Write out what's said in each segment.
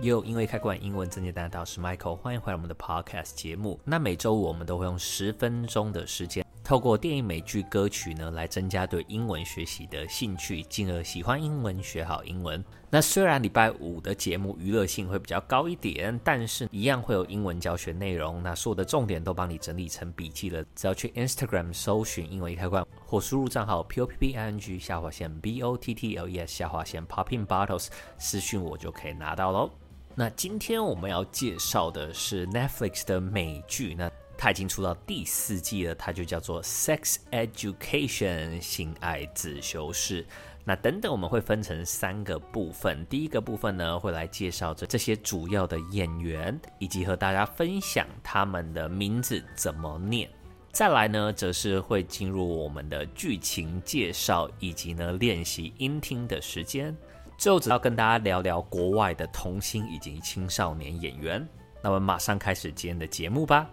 英文易開罐英文進階班，我是 Michael，歡迎回來我們的 Podcast 節目。那每周五我們都會用十分鐘的時間，透過電影、美劇、歌曲呢，來增加對英文學習的興趣，進而喜歡英文學好英文。那雖然禮拜五的節目娛樂性會比較高一點，但是一樣會有英文教學內容。那所有的重點都幫你整理成筆記了，只要去 Instagram 搜尋英文易開罐，或輸入賬號 P-O-P-P-I-N-G 下劃線 B-O-T-T-L-E-S 下劃線 popping bottles 私訊我就可以拿到嘍。那今天我們要介紹的是 Netflix 的美劇呢，那它已經出到第四季了，它就叫做《Sex Education》性愛自修室。那等等我們會分成三個部分，第一個部分呢會來介紹這這些主要的演員，以及和大家分享他們的名字怎麼念。再來呢則是會進入我們的劇情介紹，以及呢練習英聽的時間。最後，只要跟大家聊聊國外的童星以及青少年演員。那我們馬上開始今天的節目吧。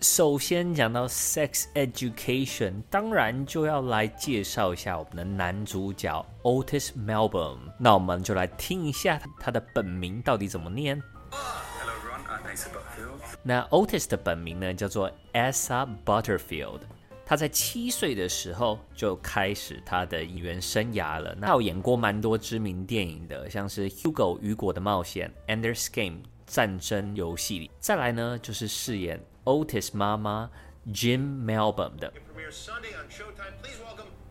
首先講到《Sex Education》，當然就要來介紹一下我們的男主角 Otis Melbourne。那我們就來聽一下他的本名到底怎麼念。Hello, Ron. I'm s a Butterfield. 那 Otis 的本名呢，叫做 a s a Butterfield。他在七歲的時候就開始他的演員生涯了。那他有演過蠻多知名電影的，像是《Hugo》雨果的冒險，《Ender's Game》戰爭遊戲裡。再來呢，就是飾演 Otis 媽媽 Jean Milburn 的。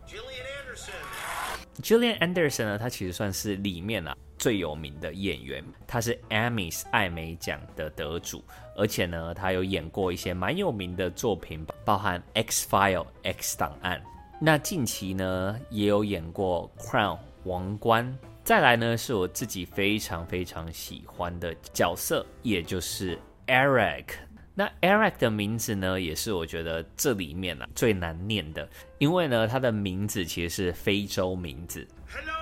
Gillian Anderson, Gillian Anderson 呢？他其實算是裡面啊最有名的演員，他是 Emmys 艾美獎的得主，而且呢，他有演過一些蠻有名的作品，包含《X File》《X 檔案》。那近期呢，也有演過《Crown》《王冠》。再來呢，是我自己非常非常喜歡的角色，也就是 Eric。那 Eric 的名字呢，也是我覺得這裡面啊最難唸的，因為呢，他的名字其實是非洲名字。Hello?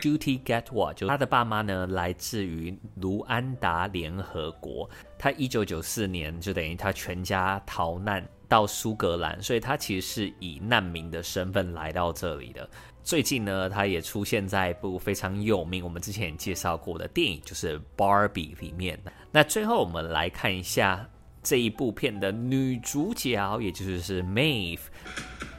Duty Get What，就是他的爸媽呢來自於盧安達聯合國。他一九九四年就等於他全家逃難到蘇格蘭，所以他其實是以難民的身份來到這裡的。最近呢，他也出現在一部非常有名，我們之前也介紹過的電影，就是《Barbie》裡面。那最後我們來看一下這一部片的女主角，也就是 Maeve。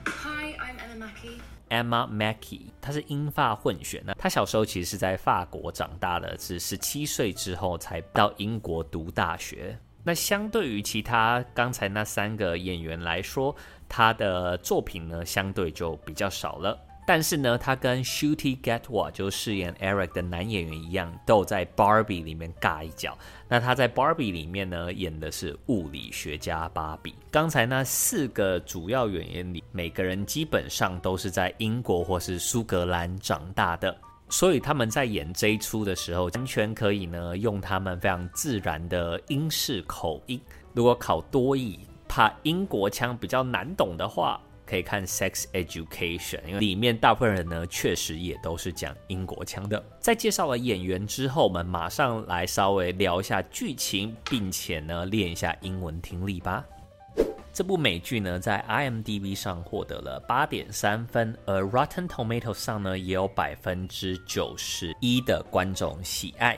Hi, I'm Emma Mackey. Emma Mackey 她是英法混血呢，她小時候其實是在法國長大的，只是十七歲之後才到英國讀大學。那相對於其他剛才那三個演員來說，他的作品呢相對就比較少了。但是呢，他跟 Ncuti Gatwa 就飾演 Eric 的男演員一樣，都在 Barbie 裡面尬一腳。那他在 Barbie 裡面呢，演的是物理學家芭比。剛才那四個主要演員裡，每個人基本上都是在英國或是蘇格蘭長大的，所以他們在演這一出的時候，完全可以呢用他們非常自然的英式口音。如果考多益，怕英國腔比較難懂的話。可以看《Sex Education》，因為裡面大部分人呢，確實也都是講英國腔的。在介紹了演員之後，我們馬上來稍微聊一下劇情，並且呢，練一下英文聽力吧。這部美劇呢，在 IMDB 上獲得了八點三分，而 Rotten Tomatoes 上呢，也有百分之九十一的觀眾喜愛。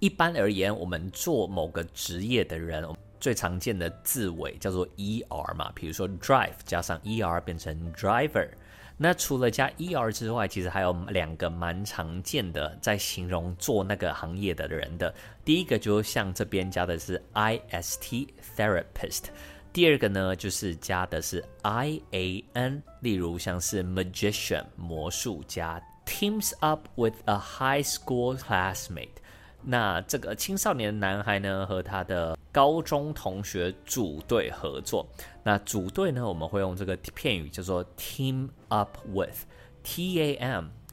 一般而言，我們做某個職業的人，最常見的字尾叫做 er 嘛，比如說 drive 加上 er 變成 driver。那除了加 er 之外，其實還有兩個蠻常見的，在形容做那個行業的人的。第一個就像這邊加的是 ist therapist，第二個呢就是加的是 ian，例如像是 magician 魔術家。teams up with a high school classmate。那這個青少年男孩呢，和他的高中同學組隊合作。那組隊呢，我們會用這個片語，叫做 team up with，T A M。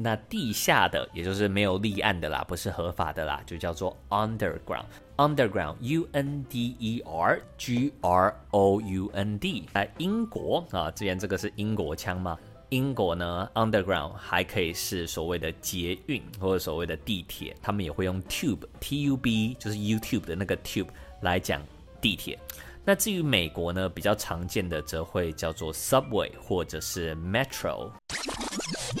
那地下的，也就是沒有立案的啦，不是合法的啦，就叫做 underground, underground、u。underground，u n d e r g r o u n d。在、啊、英國啊，既然這個是英國腔嘛，英國呢，underground 還可以是所謂的捷運或者所謂的地鐵，他們也會用 tube，t u b，就是 youtube 的那個 tube 來講地鐵。那至於美國呢，比較常見的則會叫做 subway 或者是 metro。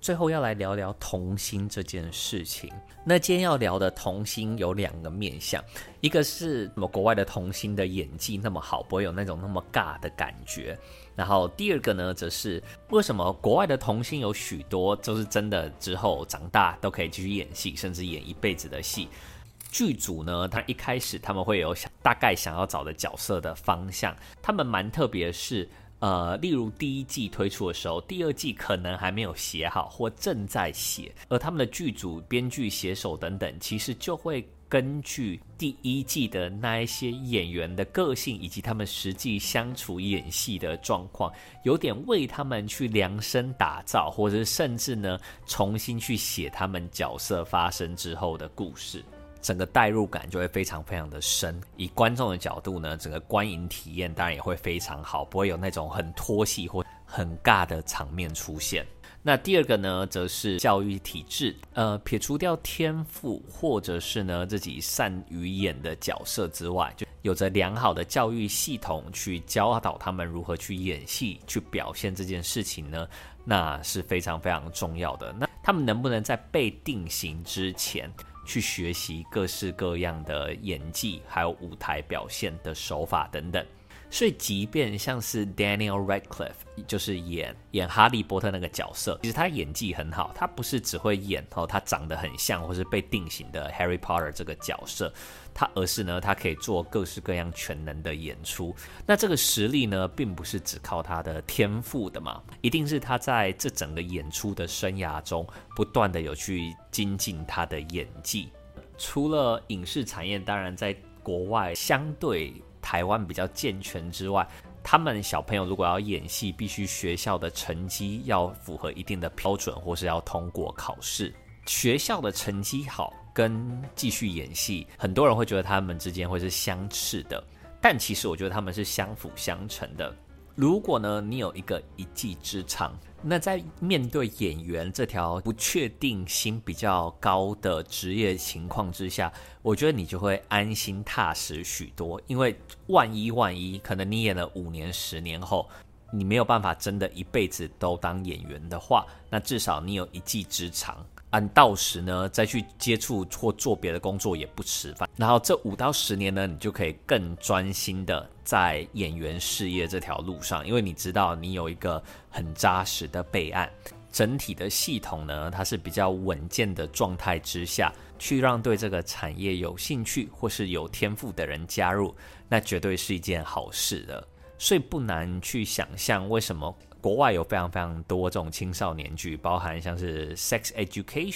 最後要來聊聊童星這件事情。那今天要聊的童星有兩個面向，一個是什麼？國外的童星的演技那麼好，不會有那種那麼尬的感覺。然後第二個呢，則是為什麼國外的童星有許多就是真的之後長大都可以繼續演戲，甚至演一輩子的戲。劇組呢，他一開始他們會有想大概想要找的角色的方向，他們蠻特別是。呃，例如第一季推出的時候，第二季可能還沒有寫好或正在寫，而他們的劇組、編劇、寫手等等，其實就會根據第一季的那一些演員的個性以及他們實際相處演戲的狀況，有點為他們去量身打造，或者是甚至呢重新去寫他們角色發生之後的故事。整個代入感就會非常非常的深，以觀眾的角度呢，整個觀影體驗當然也會非常好，不會有那種很拖戲或很尬的場面出現。那第二個呢，則是教育體制，呃，撇除掉天賦或者是呢自己善於演的角色之外，就有着良好的教育系統去教導他們如何去演戲、去表現這件事情呢，那是非常非常重要的。那他們能不能在被定型之前，去學習各式各樣的演技，還有舞台表現的手法等等。所以，即便像是 Daniel Radcliffe，就是演演哈利波特那個角色，其實他演技很好。他不是只會演哦，他長得很像，或是被定型的 Harry Potter 這個角色，他而是呢，他可以做各式各樣全能的演出。那這個實力呢，並不是只靠他的天賦的嘛，一定是他在這整個演出的生涯中，不斷的有去精進他的演技。嗯，除了影視產業，當然在國外相對。台灣比較健全之外，他們小朋友如果要演戲，必須學校的成績要符合一定的標準，或是要通過考試。學校的成績好跟繼續演戲，很多人會覺得他們之間會是相斥的，但其實我覺得他們是相輔相成的。如果呢，你有一個一技之長，那在面對演員這條不確定性比較高的職業情況之下，我覺得你就會安心踏實許多。因為萬一萬一，可能你演了五年、十年後，你沒有辦法真的一輩子都當演員的話，那至少你有一技之長。按到時呢，再去接觸或做別的工作也不遲。然後這五到十年呢，你就可以更專心的在演員事業這條路上，因為你知道你有一個很扎實的備案，整體的系統呢，它是比較穩健的狀態之下去讓對這個產業有興趣或是有天賦的人加入，那絕對是一件好事的。所以不難去想象，為什麼國外有非常非常多這種青少年劇，包含像是《Sex Education》，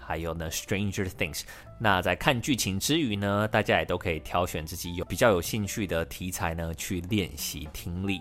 還有呢《Stranger Things》。那在看劇情之餘呢，大家也都可以挑選自己有比較有興趣的題材呢，去練習聽力。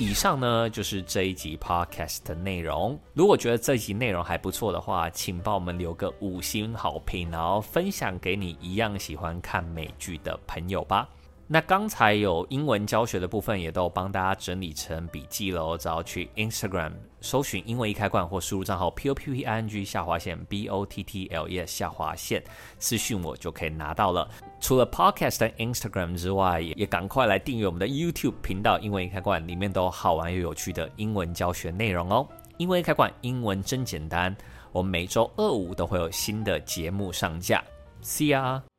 以上呢就是這一集 Podcast 的內容。如果覺得這一集內容還不錯的話，請幫我們留個五星好評，然後分享給你一樣喜歡看美劇的朋友吧。那剛才有英文教學的部分，也都幫大家整理成筆記嘍。只要去 Instagram 搜尋“英文易開罐”或輸入賬號 p o p p i n g 下滑線 b o t t l e s 下滑線私訊我，就可以拿到了。除了 Podcast Instagram 之外，也趕快來訂閱我們的 YouTube 頻道“英文易開罐”，裡面都有好玩又有趣的英文教學內容哦。英文易開罐，英文真簡單。我們每周二五都會有新的節目上架，See you!